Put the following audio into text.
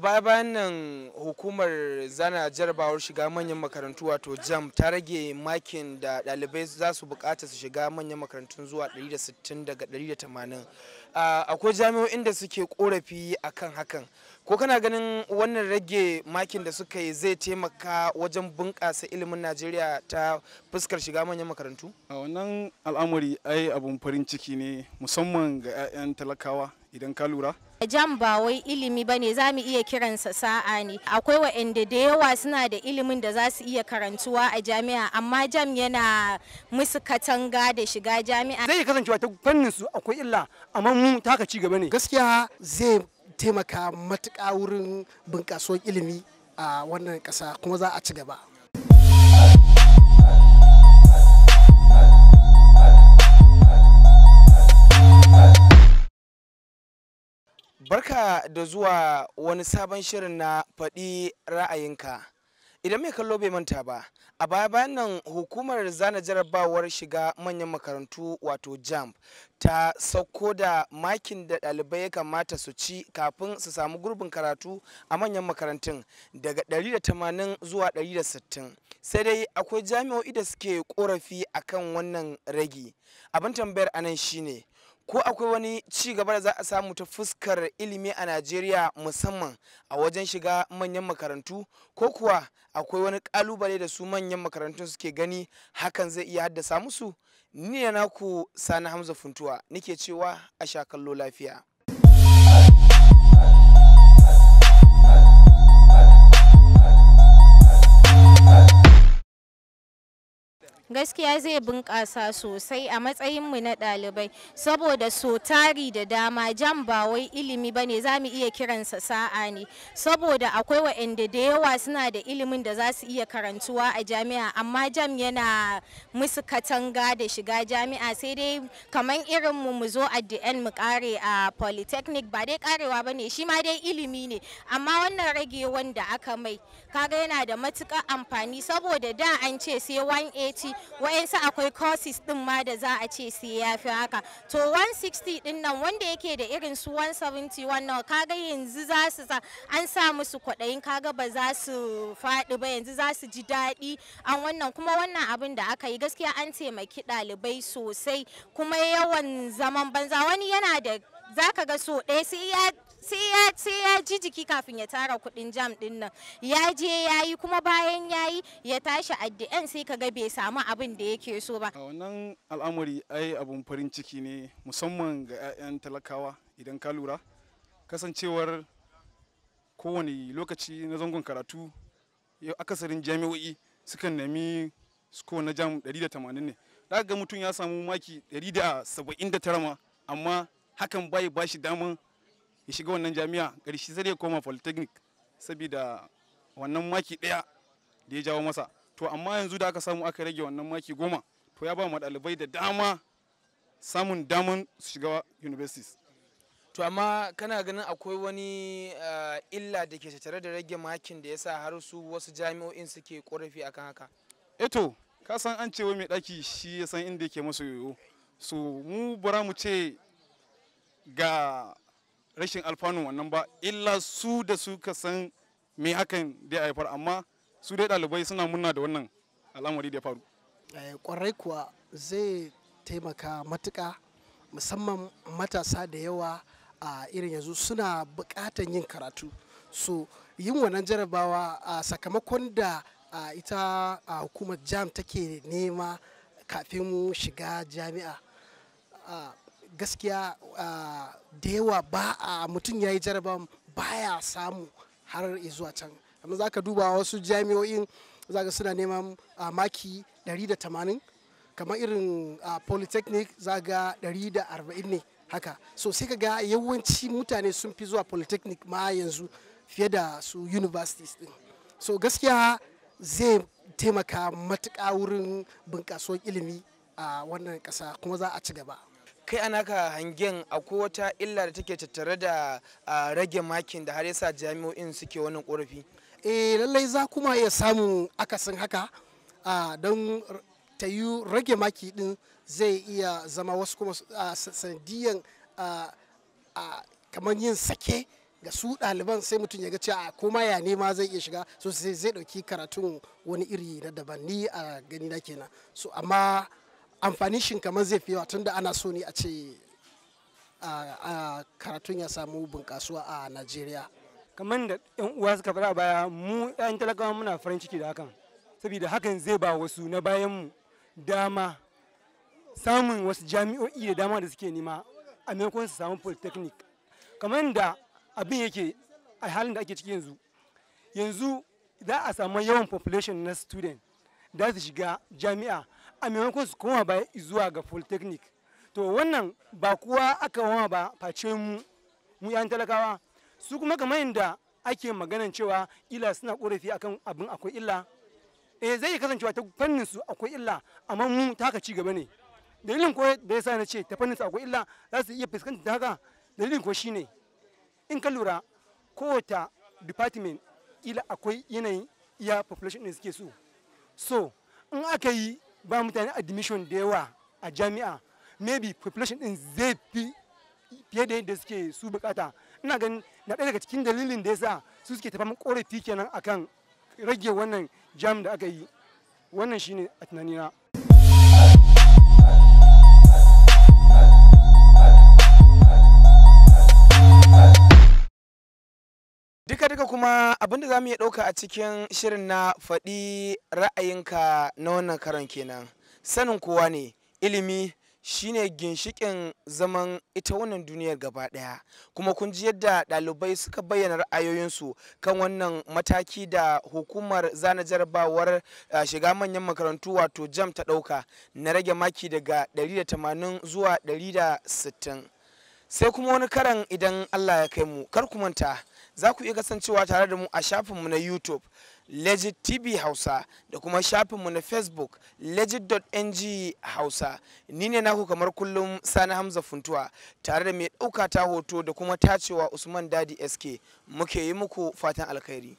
baya bayan nan hukumar zana jarabawar shiga manyan makarantu wato jam ta rage makin da dalibai za su bukata su shiga manyan makarantu zuwa 160 daga 180 akwai jami'o'in da suke korafi akan hakan ko kana ganin wannan rage makin da suka yi zai taimaka wajen bunƙasa ilimin najeriya ta fuskar shiga manyan makarantu a wannan al'amari ai abun farin ciki ne musamman ga 'ya'yan talakawa idan ka lura jam ba wai ilimi ba ne za mu iya kiransa sa'a ne akwai wa'anda da yawa suna da ilimin da za su iya karantuwa a jami'a amma jam yana musu katanga da shiga jami'a zai kasancewa ta fannin su akwai illa amma mu taka ci gaba ne gaskiya zai taimaka matuƙa wurin bunƙasuwar ilimi a wannan ƙasa kuma za a ci gaba Barka da zuwa wani sabon shirin na faɗi ra'ayinka. Idan mai kallo bai manta ba, a baya bayan nan hukumar zana jarabawar shiga manyan makarantu wato JAMB ta sauko da makin da ɗalibai ya kamata su ci kafin su samu gurbin karatu a manyan makarantun daga 180 zuwa 160 sai dai akwai jami'o'i da suke korafi akan wannan ragi abin tambayar anan shine ko akwai wani ci gaba da za a samu ta fuskar ilimi a najeriya musamman a wajen shiga manyan makarantu ko kuwa akwai wani kalubale da su manyan makarantun suke gani hakan zai iya haddasa musu ni na naku sani hamza funtuwa nike cewa a sha kallo lafiya gaskiya zai bunƙasa sosai a matsayin mu na ɗalibai saboda sotari da dama jam ba wai ilimi ba ne za mu iya kiransa sa'a ne saboda akwai waɗanda da yawa suna da ilimin da za su iya karantuwa a jami'a amma jam yana musu katanga da shiga jami'a sai dai kamar irin mu mu zo at the end mu kare a polytechnic ba dai karewa ba ne shi ma dai ilimi ne amma wannan rage wanda aka mai kaga yana da matuƙar amfani saboda da an ce sai 180 wa'yansu akwai courses din ma da za a ce sai ya fi haka to 160 din nan wanda yake da irin su 171 wannan kaga yanzu za su sa an sa musu kwaɗayin kaga ba za su faɗi ba yanzu za su ji daɗi an wannan kuma wannan abin da aka yi gaskiya an taimaki ɗalibai sosai kuma yawan zaman banza wani yana da za ka ga so ɗaya sai ya sai ya ji jiki kafin ya tara kuɗin jam ɗin nan ya je ya yi kuma bayan ya yi ya tashi addu'an sai kaga bai samu abin da yake so ba. wannan al'amari ai abun farin ciki ne musamman ga 'ya'yan talakawa idan ka lura kasancewar kowane lokaci na zangon karatu akasarin jami'o'i sukan nemi sko na jam 180 ne daga mutum ya samu maki 179 amma hakan bai bashi daman ya shiga wannan jami'a ƙarshe sai ya koma polytechnic saboda wannan maki ɗaya da ya jawo masa to amma yanzu da aka samu aka rage wannan maki goma to ya ba mu ɗalibai da dama samun daman su shiga universities to amma kana ganin akwai wani eh, illa da ke tattare da rage makin da ya sa har su wasu jami'o'in suke korafi akan haka eto eh ka san an ce mai ɗaki shi ya san inda yake masa yoyo so mu bara mu ce ga rashin alfanun wannan ba illa su da su ka san me hakan da haifar amma su dai ɗalibai suna murna da wannan al'amari da ya faru kwarai eh, kuwa zai taimaka matuka musamman matasa da yawa a irin yanzu suna buƙatar yin karatu so yin wannan jarabawa a sakamakon da ita hukumar jam take nema kafin mu shiga jami'a gaskiya da yawa ba a mutum ya yi jarabawa ya samu har zuwa can amma za ka duba wasu jami'o'in za ka suna neman maki 180 kamar irin polytechnic za ga 140 ne haka so sai ka ga yawanci mutane sun fi zuwa polytechnic ma yanzu fiye da su universities din so gaskiya zai taimaka matuka wurin bunƙasar ilimi a wannan ƙasa kuma za a ci gaba kai ana ka hangen akwai wata illa da take tattare da rage makin da har yasa jami'o'in suke wannan korafi eh lallai za kuma iya samu akasin haka don ta yi rage maki din zai iya zama wasu kuma sanadiyan kamar yin sake ga su ɗaliban sai mutum ya ga cewa koma ya nema zai iya shiga so zai ɗauki karatun wani iri na daban ni a gani na kenan so amma Amfani shi kamar zai fi yawa tunda ana so ne a ce a karatun ya samu bunƙasuwa a najeriya kamar da yan uwa suka fara baya mu yan talakawa muna farin ciki da hakan saboda hakan zai ba wasu na bayan mu dama samun wasu jami'o'i da dama da suke nema a maimakon su samu polytechnic kamar da abin yake a halin da ake ciki yanzu yanzu za a samu yawan population na student da su shiga jami'a a maimakon su koma ba zuwa ga polytechnic to wannan ba kuwa aka wama ba face mu mu yan talakawa su kuma kamar yadda ake maganan cewa illa suna korafi akan abin akwai illa eh zai kasancewa ta fannin su akwai illa amma mu ta ka ci gaba ne dalilin ko da yasa na ce ta fannin su akwai illa za su iya fuskantar haka dalilin ko shine in ka lura kowata department ila akwai yanayin iya population ne suke so so in aka yi ba mutane admission da yawa a jami'a maybe population din zai fi fiye da yadda suke su bukata ina ganin na ɗaya daga cikin dalilin da yasa su suke tafamin korafi kenan akan rage wannan jam da aka yi wannan shine a tunanina haka kuma abinda za mu iya ɗauka a cikin shirin na faɗi ra'ayinka na wannan karan kenan sanin kowa ne ilimi shine ginshikin zaman ita wannan duniyar gaba ɗaya kuma kun ji yadda ɗalibai suka bayyana ra'ayoyinsu kan wannan mataki da hukumar zana jarabawar shiga manyan makarantu wato jam ta ɗauka na rage maki daga 180 zuwa 160 sai kuma wani karan idan allah ya kai mu kar ku manta za ku iya kasancewa tare da mu a shafinmu na youtube legit tv hausa da kuma shafinmu na facebook legit.ng hausa ni ne naku kamar kullum sani hamza funtuwa tare da mai ɗauka ta hoto da kuma tacewa usman dadi sk muke yi muku fatan alkhairi